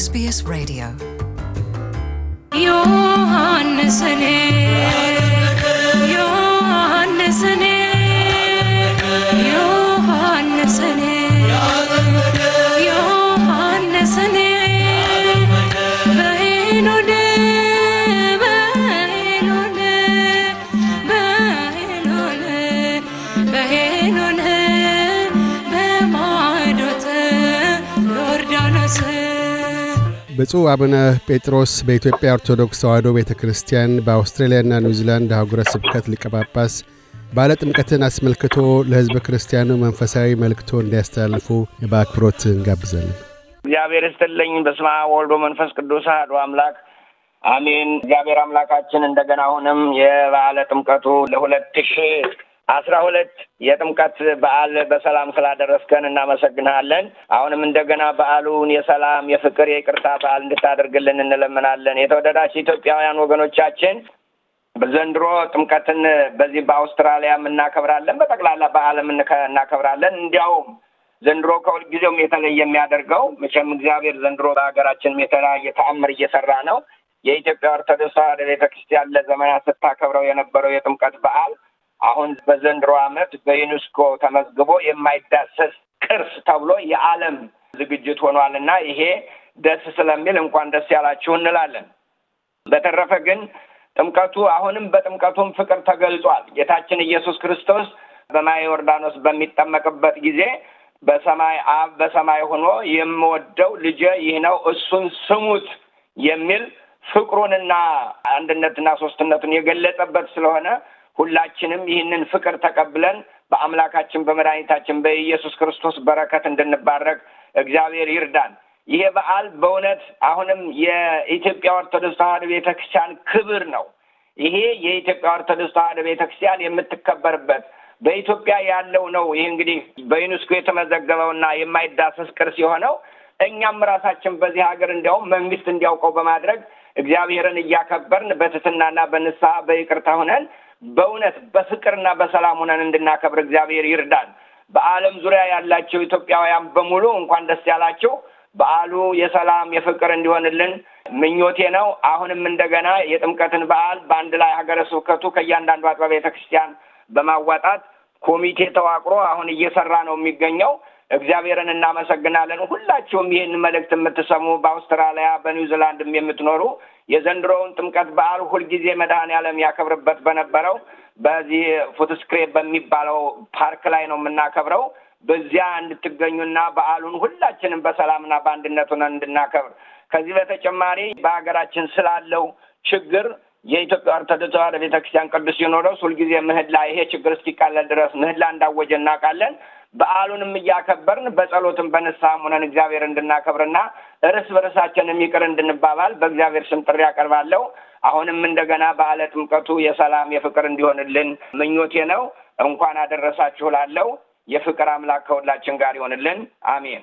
SBS Radio ብፁዕ አቡነ ጴጥሮስ በኢትዮጵያ ኦርቶዶክስ ተዋሕዶ ቤተ ክርስቲያን በአውስትራሊያና ኒውዚላንድ አህጉረ ስብከት ሊቀ ጳጳስ ባለ ጥምቀትን አስመልክቶ ለሕዝበ ክርስቲያኑ መንፈሳዊ መልእክቶ እንዲያስተላልፉ በአክብሮት እንጋብዛለን። እግዚአብሔር ይስጥልኝ። በስመ አብ ወልድ ወመንፈስ ቅዱስ አሐዱ አምላክ አሜን። እግዚአብሔር አምላካችን እንደገና አሁንም የበዓለ ጥምቀቱ ለሁለት ሺህ አስራ ሁለት የጥምቀት በዓል በሰላም ስላደረስከን እናመሰግናለን አሁንም እንደገና በዓሉን የሰላም የፍቅር፣ የይቅርታ በዓል እንድታደርግልን እንለምናለን። የተወደዳችሁ ኢትዮጵያውያን ወገኖቻችን ዘንድሮ ጥምቀትን በዚህ በአውስትራሊያም እናከብራለን፣ በጠቅላላ በዓለም እናከብራለን። እንዲያውም ዘንድሮ ከሁልጊዜውም የተለየ የሚያደርገው መቼም እግዚአብሔር ዘንድሮ በሀገራችንም የተለያየ ተአምር እየሰራ ነው። የኢትዮጵያ ኦርቶዶክስ ተዋሕዶ ቤተክርስቲያን ለዘመናት ስታከብረው የነበረው የጥምቀት በዓል አሁን በዘንድሮ ዓመት በዩኔስኮ ተመዝግቦ የማይዳሰስ ቅርስ ተብሎ የዓለም ዝግጅት ሆኗል እና ይሄ ደስ ስለሚል እንኳን ደስ ያላችሁ እንላለን። በተረፈ ግን ጥምቀቱ አሁንም በጥምቀቱም ፍቅር ተገልጿል። ጌታችን ኢየሱስ ክርስቶስ በማየ ዮርዳኖስ በሚጠመቅበት ጊዜ በሰማይ አብ በሰማይ ሆኖ የምወደው ልጄ ይህ ነው እሱን ስሙት የሚል ፍቅሩንና አንድነትና ሶስትነቱን የገለጸበት ስለሆነ ሁላችንም ይህንን ፍቅር ተቀብለን በአምላካችን በመድኃኒታችን በኢየሱስ ክርስቶስ በረከት እንድንባረግ እግዚአብሔር ይርዳን። ይሄ በዓል በእውነት አሁንም የኢትዮጵያ ኦርቶዶክስ ተዋህዶ ቤተክርስቲያን ክብር ነው። ይሄ የኢትዮጵያ ኦርቶዶክስ ተዋህዶ ቤተክርስቲያን የምትከበርበት በኢትዮጵያ ያለው ነው። ይህ እንግዲህ በዩኒስኮ የተመዘገበውና የማይዳሰስ ቅርስ የሆነው እኛም ራሳችን በዚህ ሀገር እንዲያውም መንግስት እንዲያውቀው በማድረግ እግዚአብሔርን እያከበርን በትትናና በንስሐ በይቅርታ ሁነን በእውነት በፍቅርና በሰላም ሆነን እንድናከብር እግዚአብሔር ይርዳን። በዓለም ዙሪያ ያላቸው ኢትዮጵያውያን በሙሉ እንኳን ደስ ያላችሁ። በዓሉ የሰላም የፍቅር እንዲሆንልን ምኞቴ ነው። አሁንም እንደገና የጥምቀትን በዓል በአንድ ላይ ሀገረ ስብከቱ ከእያንዳንዱ አጥቢያ ቤተክርስቲያን በማዋጣት ኮሚቴ ተዋቅሮ አሁን እየሰራ ነው የሚገኘው። እግዚአብሔርን እናመሰግናለን። ሁላችሁም ይህን መልእክት የምትሰሙ በአውስትራሊያ በኒውዚላንድም የምትኖሩ የዘንድሮውን ጥምቀት በዓል ሁልጊዜ መድኃኔዓለም ያከብርበት በነበረው በዚህ ፉትስክሬ በሚባለው ፓርክ ላይ ነው የምናከብረው። በዚያ እንድትገኙና በዓሉን ሁላችንም በሰላምና በአንድነት ሆነን እንድናከብር ከዚህ በተጨማሪ በሀገራችን ስላለው ችግር የኢትዮጵያ ኦርቶዶክስ ተዋህዶ ቤተክርስቲያን ቅዱስ ሲኖዶስ ሁልጊዜ ምህላ ይሄ ችግር እስኪቃለል ድረስ ምህላ እንዳወጀ እናውቃለን። በዓሉንም እያከበርን በጸሎትም በንስሐም ሆነን እግዚአብሔር እንድናከብርና እርስ በርሳችን ይቅር እንድንባባል በእግዚአብሔር ስም ጥሪ ያቀርባለሁ። አሁንም እንደገና በዓለ ጥምቀቱ የሰላም የፍቅር እንዲሆንልን ምኞቴ ነው። እንኳን አደረሳችሁ ላለው የፍቅር አምላክ ከሁላችን ጋር ይሆንልን። አሜን።